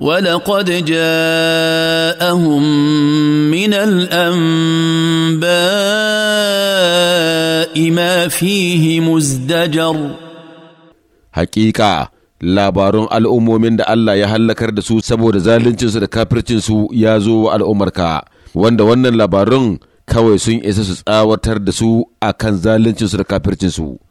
ولقد جاءهم من الانباء ما فيه مزدجر حقيقه labarun al'ummomin da Allah ya hallakar da su saboda zaluncinsu da kafircinsu ya zo wa al'ummarka wanda wannan labarun kawai sun isa su tsawatar da su a kan zaluncinsu da kafircinsu